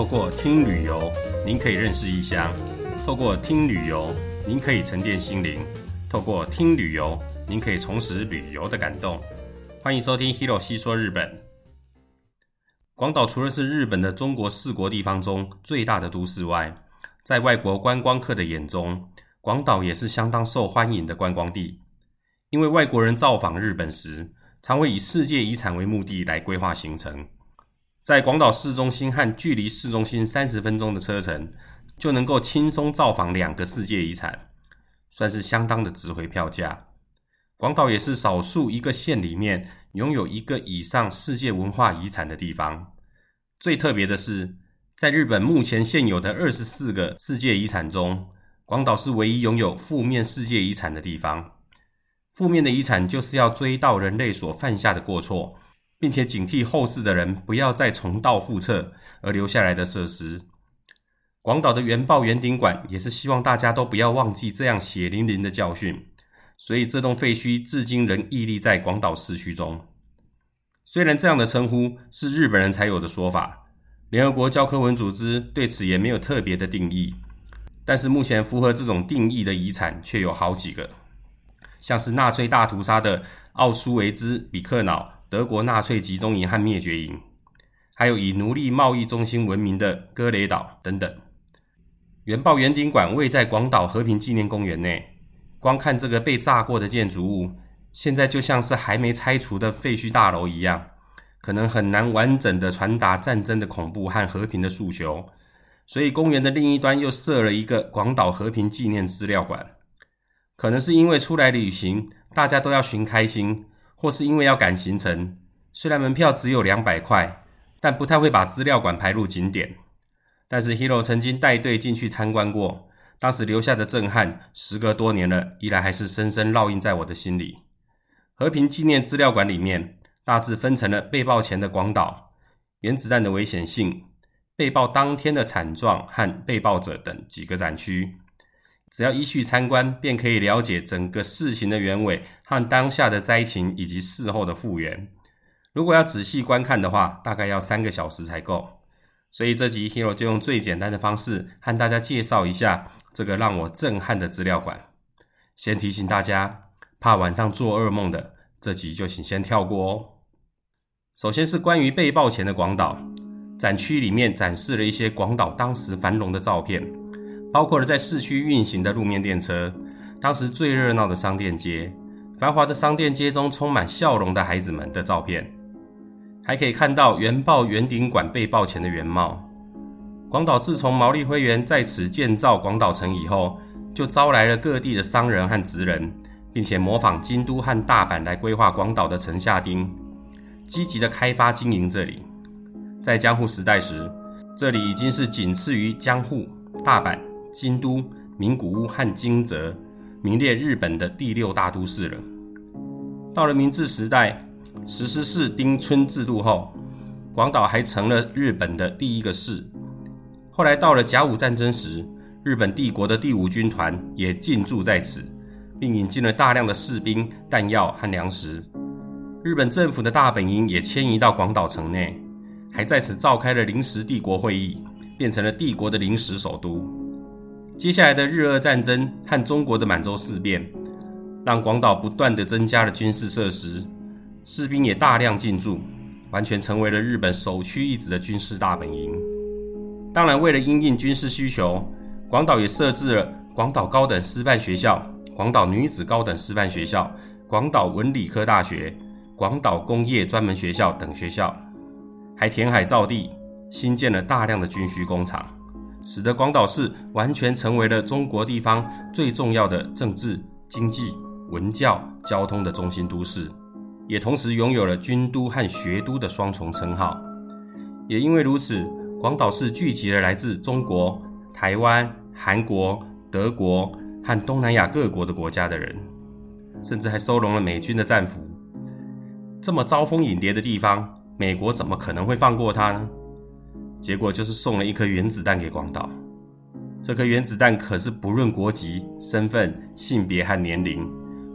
透過聽旅遊，您可以認識異鄉；透過聽旅遊，您可以沉澱心靈；透過聽旅遊，您可以重拾旅遊的感動。歡迎收聽《Hiro 細說日本》。廣島除了是日本的中國四國地方中最大的都市外，在外國觀光客的眼中，廣島也是相當受歡迎的觀光地。因為外國人造訪日本時，常會以世界遺產為目的來規劃行程。在廣島市中心和距離市中心三十分鐘的車程，就能夠輕鬆造訪兩個世界遺產，算是相當的值回票價。廣島也是少數一個縣裡面擁有一個以上世界文化遺產的地方。最特別的是，在日本目前現有的二十四個世界遺產中，廣島是唯一擁有負面世界遺產的地方。負面的遺產就是要追到人類所犯下的過錯。並且警惕後世的人不要再重蹈覆轍而留下來的設施。廣島的原爆圓頂館也是希望大家都不要忘記這樣血淋淋的教訓，所以這棟廢墟至今仍屹立在廣島市區中。雖然這樣的稱呼是日本人才有的說法，聯合國教科文組織對此也沒有特別的定義，但是目前符合這種定義的遺產卻有好幾個，像是納粹大屠殺的奧斯維茲比克瑙德國納粹集中營和滅絕營，還有以奴隸貿易中心聞名的戈雷島等等。原爆圓頂館位在廣島和平紀念公園內，光看這個被炸過的建築物，現在就像是還沒拆除的廢墟大樓一樣，可能很難完整的傳達戰爭的恐怖和和平的訴求。所以公園的另一端又設了一個廣島和平紀念資料館。可能是因為出來旅行，大家都要尋開心。或是因為要趕行程，雖然門票只有兩百塊，但不太會把資料館排入景點。但是 Hiro 曾經帶隊進去參觀過，當時留下的震撼，時隔多年了，依然還是深深烙印在我的心裡。和平紀念資料館裡面，大致分成了被爆前的廣島、原子彈的危險性、被爆當天的慘狀和被爆者等幾個展區。只要依序參觀，便可以了解整個事情的原委和當下的災情以及事後的復原。如果要仔細觀看的話，大概要三個小時才夠。所以這集 Hero 就用最簡單的方式和大家介紹一下這個讓我震撼的資料館。先提醒大家，怕晚上做噩夢的，這集就請先跳過哦。首先是關於被爆前的廣島，展區裡面展示了一些廣島當時繁榮的照片。包括了在市區運行的路面電車，當時最熱鬧的商店街、繁華的商店街中充滿笑容的孩子們的照片，還可以看到原爆圓頂館被爆前的原貌。廣島自從毛利輝元在此建造廣島城以後，就招來了各地的商人和職人，並且模仿京都和大阪來規劃廣島的城下町，積極的開發經營這裡。在江戶時代時，這裡已經是僅次於江戶、大阪、京都、名古屋、和金澤，名列日本的第六大都市了。到了明治時代，實施市町村制度後，廣島還成了日本的第一個市。後來到了甲午戰爭時，日本帝國的第五軍團也進駐在此，並引進了大量的士兵、彈藥和糧食。日本政府的大本營也遷移到廣島城內，還在此召開了臨時帝國會議，變成了帝國的臨時首都。接下來的日俄戰爭和中國的滿洲事變，讓廣島不斷地增加了軍事設施，士兵也大量進駐，完全成為了日本首屈一指的軍事大本營。當然，為了因應軍事需求，廣島也設置了廣島高等師範學校、廣島女子高等師範學校、廣島文理科大學、廣島工業專門學校等學校，還填海造地，新建了大量的軍需工廠。使得廣島市完全成為了中國地方最重要的政治、經濟、文教、交通的中心都市，也同時擁有了軍都和學都的雙重稱號。也因為如此，廣島市聚集了來自中國、台灣、韓國、德國和東南亞各國的國家的人，甚至還收容了美軍的戰俘。這麼招蜂引蝶的地方，美國怎麼可能會放過它呢？結果就是送了一顆原子彈給廣島，這顆原子彈可是不論國籍、身份、性別和年齡，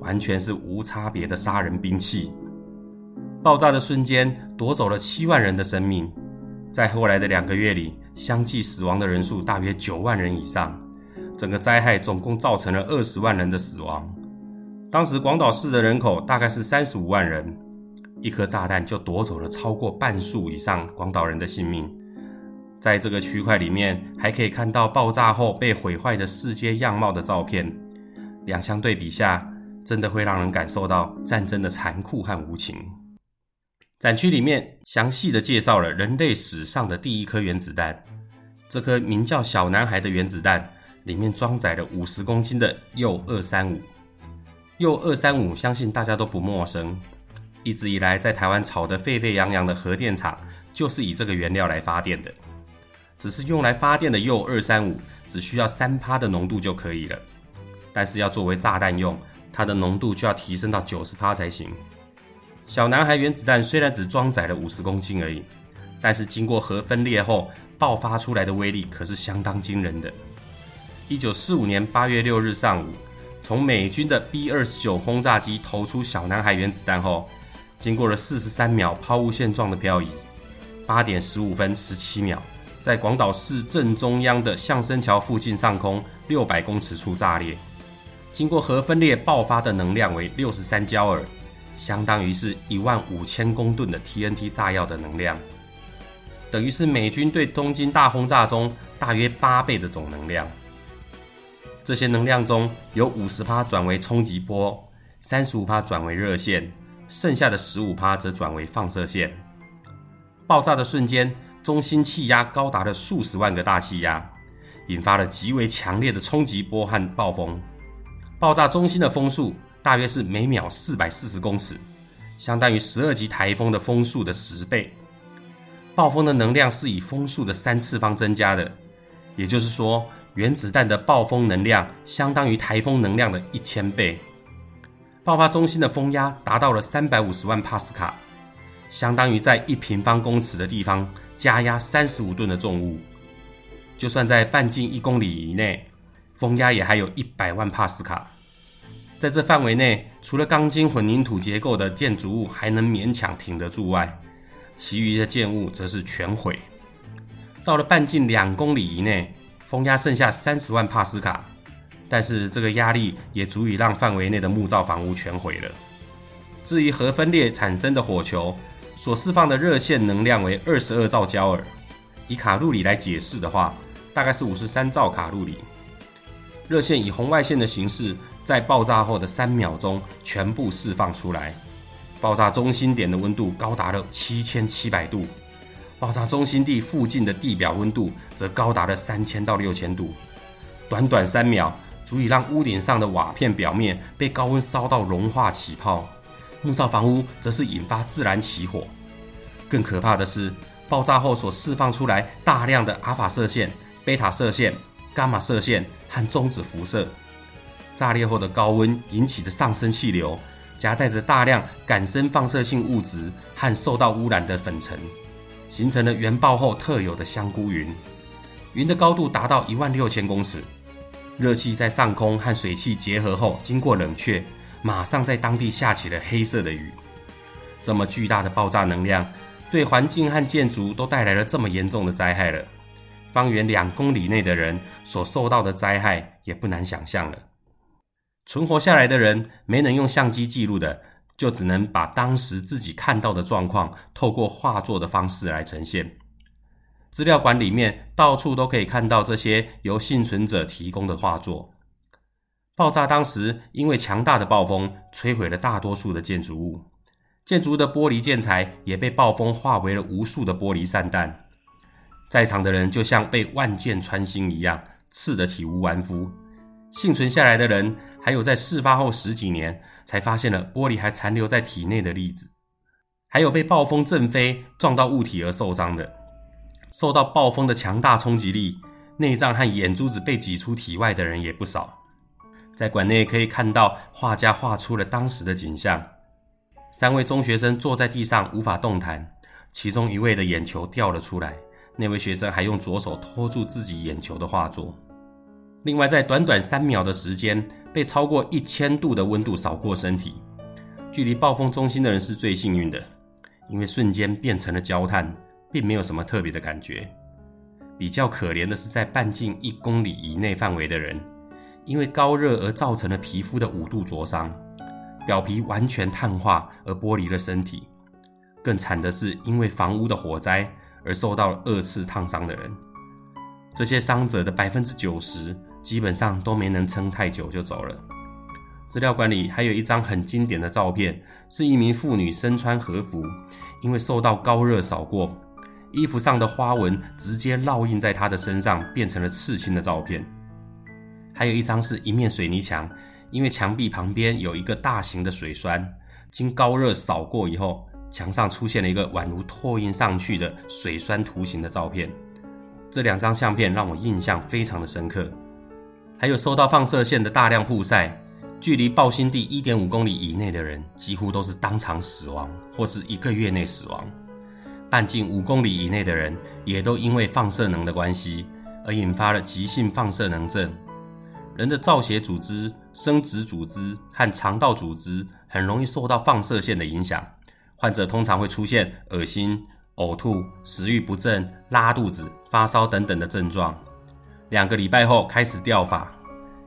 完全是無差別的殺人兵器。爆炸的瞬間奪走了七萬人的生命，在後來的兩個月裡，相繼死亡的人數大約九萬人以上，整個災害總共造成了二十萬人的死亡。當時廣島市的人口大概是三十五萬人，一顆炸彈就奪走了超過半數以上廣島人的性命。在這個區塊裡面，還可以看到爆炸後被毀壞的世界樣貌的照片。兩相對比下，真的會讓人感受到戰爭的殘酷和無情。展區裡面詳細的介紹了人類史上的第一顆原子彈，這顆名叫“小男孩”的原子彈裡面裝載了五十公斤的鈾二三五。鈾二三五相信大家都不陌生，一直以來在台灣炒得沸沸揚揚的核電廠，就是以這個原料來發電的。只是用來發電的鈾二三五，只需要三趴的濃度就可以了。但是要作為炸彈用，它的濃度就要提升到九十趴才行。小男孩原子彈雖然只裝載了五十公斤而已，但是經過核分裂後爆發出來的威力可是相當驚人的。一九四五年八月六日上午，從美軍的 B 二十九轟炸機投出小男孩原子彈後，經過了四十三秒拋物線狀的漂移，八點十五分十七秒。在廣島市正中央的相生橋附近上空六百公尺處炸裂，經過核分裂爆發的能量為六十三焦耳，相當於是一萬五千公噸的 TNT 炸藥的能量，等於是美軍對東京大轟炸中大約八倍的總能量。這些能量中有五十趴轉為衝擊波，三十五趴轉為熱線，剩下的十五趴則轉為放射線。爆炸的瞬間。中心氣壓高達了數十萬個大氣壓，引發了極為強烈的衝擊波和暴風。爆炸中心的風速大約是每秒四百四十公尺，相當於十二級台風的風速的十倍。暴風的能量是以風速的三次方增加的，也就是說，原子彈的暴風能量相當於台風能量的一千倍。爆發中心的風壓達到了三百五十萬帕斯卡，相當於在一平方公尺的地方。加壓三十五噸的重物，就算在半徑一公里以內，風壓也還有一百萬帕斯卡。在這範圍內，除了鋼筋混凝土結構的建築物還能勉強挺得住外，其餘的建物則是全毀。到了半徑兩公里以內，風壓剩下三十萬帕斯卡，但是這個壓力也足以讓範圍內的木造房屋全毀了。至於核分裂產生的火球，所釋放的熱線能量為二十二兆焦耳，以卡路里來解釋的話，大概是五十三兆卡路里。熱線以紅外線的形式，在爆炸後的三秒鐘全部釋放出來。爆炸中心點的溫度高達了七千七百度，爆炸中心地附近的地表溫度則高達了三千到六千度。短短三秒，足以讓屋頂上的瓦片表面被高溫燒到融化起泡。木造房屋則是引發自燃起火。更可怕的是，爆炸後所釋放出來大量的阿法射線、貝塔射線、伽馬射線和中子輻射。炸裂後的高溫引起的上升氣流，夾帶着大量感生放射性物質和受到污染的粉塵，形成了原爆後特有的“香菇雲”。雲的高度達到一萬六千公尺，熱氣在上空和水汽結合後，經過冷卻。馬上在當地下起了黑色的雨，這麼巨大的爆炸能量，對環境和建築都帶來了這麼嚴重的災害了。方圓兩公里內的人所受到的災害也不難想象了。存活下來的人沒能用相機記錄的，就只能把當時自己看到的狀況，透過畫作的方式來呈現。資料館裡面到處都可以看到這些由幸存者提供的畫作。爆炸當時，因為強大的暴風摧毀了大多數的建築物，建築的玻璃建材也被暴風化為了無數的玻璃散彈，在場的人就像被萬箭穿心一樣，刺得體無完膚。幸存下來的人，還有在事發後十幾年才發現了玻璃還殘留在體內的例子，還有被暴風震飛撞到物體而受傷的，受到暴風的強大衝擊力，內臟和眼珠子被擠出體外的人也不少。在館內可以看到畫家畫出了當時的景象，三位中學生坐在地上無法動彈，其中一位的眼球掉了出來，那位學生還用左手托住自己眼球的畫作。另外，在短短三秒的時間，被超過一千度的溫度掃過身體，距離暴風中心的人是最幸運的，因為瞬間變成了焦炭，並沒有什麼特別的感覺。比較可憐的是在半徑一公里以內範圍的人。因為高熱而造成了皮膚的五度灼傷，表皮完全碳化而剝離了身體。更慘的是，因為房屋的火災而受到了二次燙傷的人，這些傷者的百分之九十基本上都沒能撐太久就走了。資料館裡還有一張很經典的照片，是一名婦女身穿和服，因為受到高熱掃過，衣服上的花紋直接烙印在她的身上，變成了刺青的照片。還有一張是一面水泥牆，因為牆壁旁邊有一個大型的水栓，經高熱掃過以後，牆上出現了一個宛如拓印上去的水栓圖形的照片。這兩張相片讓我印象非常的深刻。還有受到放射線的大量曝曬，距離爆心地一點五公里以內的人幾乎都是當場死亡，或是一個月內死亡；半徑五公里以內的人也都因為放射能的關係而引發了急性放射能症。人的造血組織、生殖組織和腸道組織很容易受到放射線的影響，患者通常會出現噁心、嘔吐、食欲不振、拉肚子、發燒等等的症狀。兩個禮拜後開始掉髮，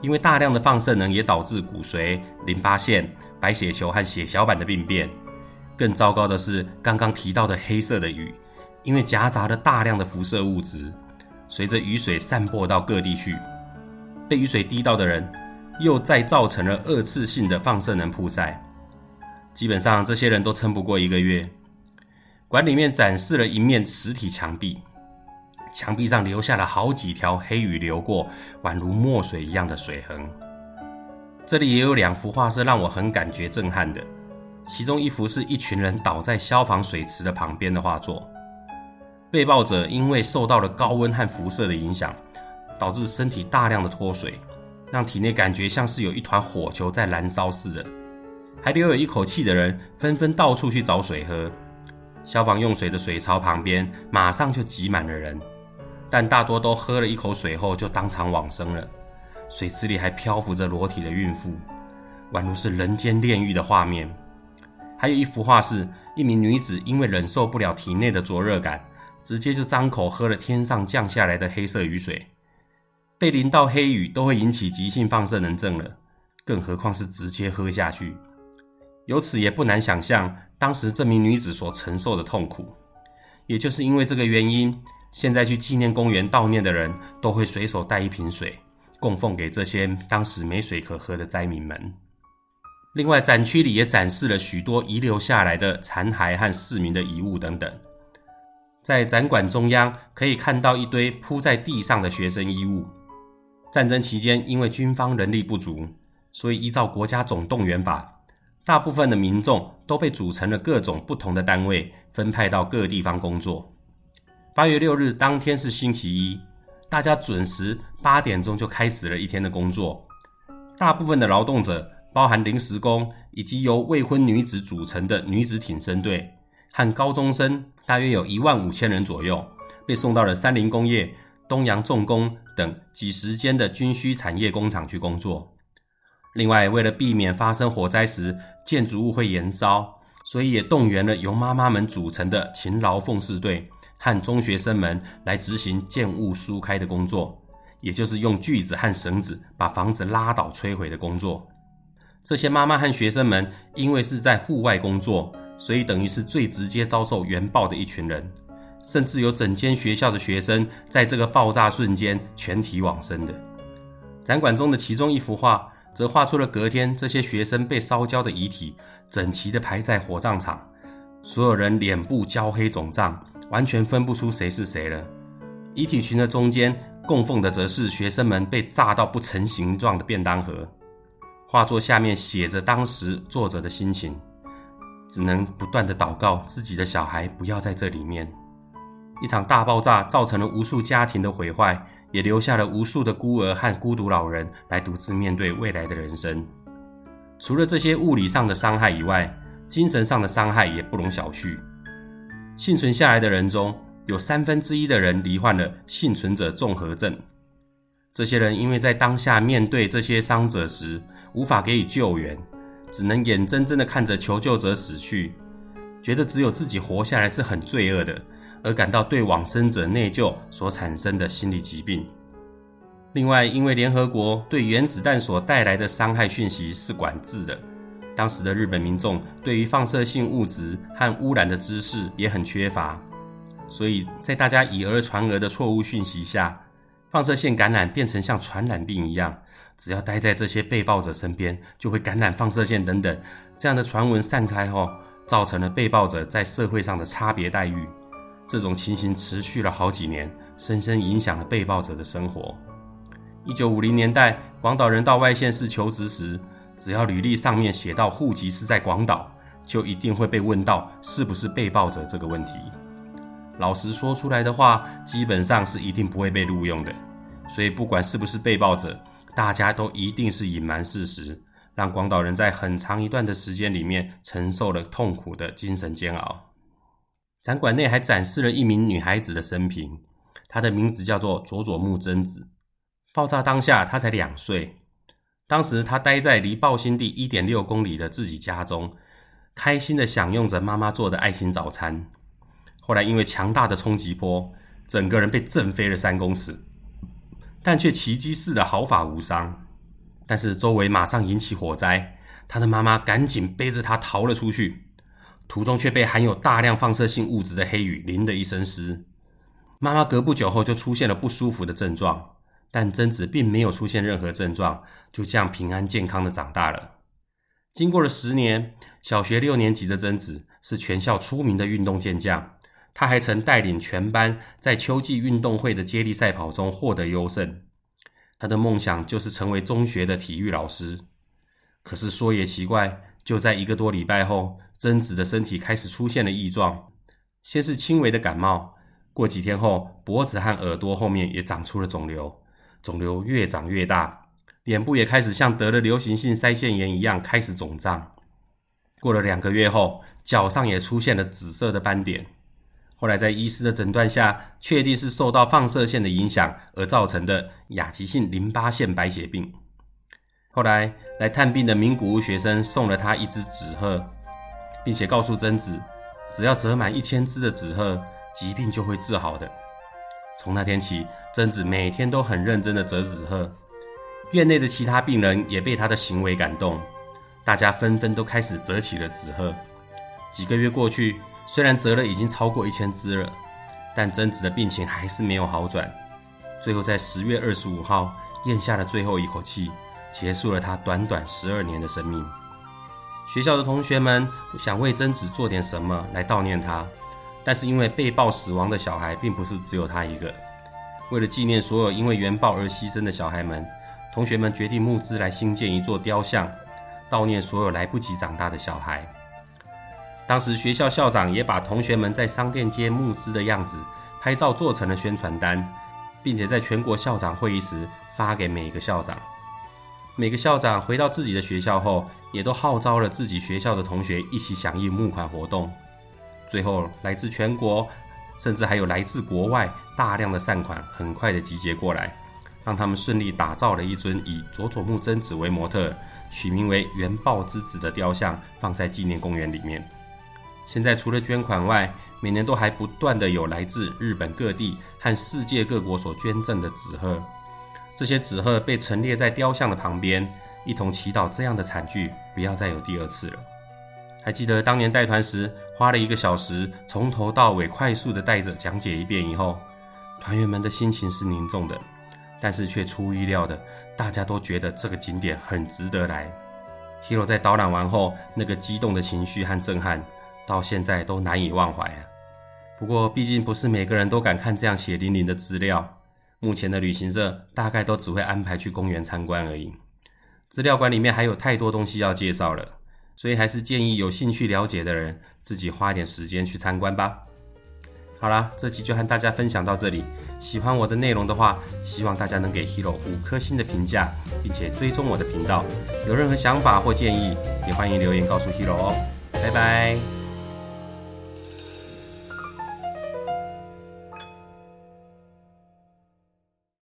因為大量的放射能也導致骨髓、淋巴腺、白血球和血小板的病變。更糟糕的是，剛剛提到的黑色的雨，因為夾雜了大量的輻射物質，隨着雨水散播到各地去。被雨水滴到的人，又再造成了二次性的放射能曝曬。基本上，這些人都撐不過一個月。館裡面展示了一面實體牆壁，牆壁上留下了好幾條黑雨流過，宛如墨水一樣的水痕。這裡也有兩幅畫是讓我很感覺震撼的，其中一幅是一群人倒在消防水池的旁邊的畫作，被曝者因為受到了高溫和輻射的影響。導致身體大量的脫水，讓體內感覺像是有一團火球在燃燒似的。還留有一口氣的人紛紛到處去找水喝，消防用水的水槽旁邊馬上就擠滿了人，但大多都喝了一口水後就當場往生了。水池裡還漂浮着裸體的孕婦，宛如是人間煉獄的畫面。還有一幅畫是，一名女子因為忍受不了體內的灼熱感，直接就張口喝了天上降下來的黑色雨水。被淋到黑雨都會引起急性放射能症了，更何況是直接喝下去。由此也不難想象當時這名女子所承受的痛苦。也就是因為這個原因，現在去紀念公園悼念的人都會隨手帶一瓶水，供奉給這些當時沒水可喝的災民們。另外，展區裡也展示了許多遺留下來的殘骸和市民的遺物等等。在展館中央可以看到一堆鋪在地上的學生衣物。戰爭期間，因為軍方人力不足，所以依照國家總動員法，大部分的民眾都被組成了各種不同的單位，分派到各地方工作。八月六日當天是星期一，大家準時八點鐘就開始了一天的工作。大部分的勞動者，包含臨時工以及由未婚女子組成的女子挺身隊，和高中生，大約有一萬五千人左右，被送到了三菱工業、東洋重工。等幾十間的軍需產業工廠去工作。另外，為了避免發生火災時建築物會延燒，所以也動員了由媽媽們組成的勤勞奉仕隊和中學生們來執行建物疏開的工作，也就是用鋸子和繩子把房子拉倒摧毀的工作。這些媽媽和學生們因為是在戶外工作，所以等於是最直接遭受原爆的一群人。甚至有整間學校的學生在這個爆炸瞬間全體往生的。展館中的其中一幅畫，則畫出了隔天這些學生被燒焦的遺體整齊的排在火葬場，所有人臉部焦黑腫脹，完全分不出誰是誰了。遺體群的中間供奉的則是學生們被炸到不成形狀的便當盒。畫作下面寫着當時作者的心情：只能不斷的禱告自己的小孩不要在這裡面。一場大爆炸造成了無數家庭的毀壞，也留下了無數的孤兒和孤獨老人來獨自面對未來的人生。除了這些物理上的傷害以外，精神上的傷害也不容小覷。倖存下來的人中有三分之一的人罹患了倖存者綜合症。這些人因為在當下面對這些傷者時，無法給予救援，只能眼睜睜地看着求救者死去，覺得只有自己活下來是很罪惡的。而感到對往生者內疚所產生的心理疾病。另外，因為聯合國對原子彈所帶來的傷害訊息是管制的，當時的日本民眾對於放射性物質和污染的知識也很缺乏，所以在大家以訛傳訛的錯誤訊息下，放射線感染變成像傳染病一樣，只要待在這些被曝者身邊就會感染放射線等等。這樣的傳聞散開後，造成了被曝者在社會上的差別待遇。這種情形持續了好幾年，深深影響了被爆者的生活。一九五零年代，廣島人到外縣市求職時，只要履歷上面寫到戶籍是在廣島，就一定會被問到是不是被爆者這個問題。老實說出來的話，基本上是一定不會被錄用的。所以，不管是不是被爆者，大家都一定是隱瞞事實，讓廣島人在很長一段的時間裡面承受了痛苦的精神煎熬。展館內還展示了一名女孩子的生平，她的名字叫做佐佐木禎子。爆炸當下，她才兩歲。當時她待在離爆心地一點六公里的自己家中，開心的享用着媽媽做的愛心早餐。後來因為強大的衝擊波，整個人被震飛了三公尺，但卻奇蹟似的毫髮無傷。但是周圍馬上引起火災，她的媽媽趕緊背着她逃了出去。途中卻被含有大量放射性物質的黑雨淋得一身濕，媽媽隔不久後就出現了不舒服的症狀，但貞子並沒有出現任何症狀，就這樣平安健康地長大了。經過了十年，小學六年級的貞子是全校出名的運動健將，她還曾帶領全班在秋季運動會的接力賽跑中獲得優勝。她的夢想就是成為中學的體育老師。可是說也奇怪，就在一個多禮拜後。貞子的身體開始出現了異狀，先是輕微的感冒，過幾天後，脖子和耳朵後面也長出了腫瘤，腫瘤越長越大，臉部也開始像得了流行性腮腺炎一樣開始腫脹。過了兩個月後，腳上也出現了紫色的斑點。後來在醫師的診斷下，確定是受到放射線的影響而造成的亞急性淋巴腺白血病。後來來探病的名古屋學生送了他一隻紙鶴。並且告訴貞子，只要折滿一千隻的紙鶴，疾病就會治好的。從那天起，貞子每天都很認真的折紙鶴。院內的其他病人也被她的行為感動，大家紛紛都開始折起了紙鶴。幾個月過去，雖然折了已經超過一千隻了，但貞子的病情還是沒有好轉。最後在十月二十五號，嚥下了最後一口氣，結束了她短短十二年的生命。學校的同學們想為貞子做點什麼來悼念他，但是因為被爆死亡的小孩並不是只有他一個。為了紀念所有因為原爆而犧牲的小孩們，同學們決定募資來新建一座雕像，悼念所有來不及長大的小孩。當時學校校長也把同學們在商店街募資的樣子拍照做成了宣傳單，並且在全國校長會議時發給每一個校長。每個校長回到自己的學校後，也都號召了自己學校的同學一起響應募款活動。最後，來自全國，甚至還有來自國外大量的善款，很快的集結過來，讓他們順利打造了一尊以佐佐木真子為模特、取名為“原爆之子”的雕像，放在紀念公園裡面。現在，除了捐款外，每年都還不斷的有來自日本各地和世界各國所捐贈的紙鶴。這些紙鶴被陳列在雕像的旁邊，一同祈禱這樣的慘劇不要再有第二次了。還記得當年帶團時，花了一個小時，從頭到尾快速的帶着講解一遍以後，團員們的心情是凝重的，但是卻出乎意料的，大家都覺得這個景點很值得來。 Hiro 在導覽完後，那個激動的情緒和震撼，到現在都難以忘懷啊。不過，畢竟不是每個人都敢看這樣血淋淋的資料。目前的旅行社大概都只會安排去公園參觀而已。資料館裡面還有太多東西要介紹了，所以還是建議有興趣了解的人自己花點時間去參觀吧。好啦，這期就和大家分享到這裡。喜歡我的內容的話，希望大家能給 Hiro 五顆星的評價，並且追蹤我的頻道。有任何想法或建議，也歡迎留言告訴 Hiro 哦。拜拜。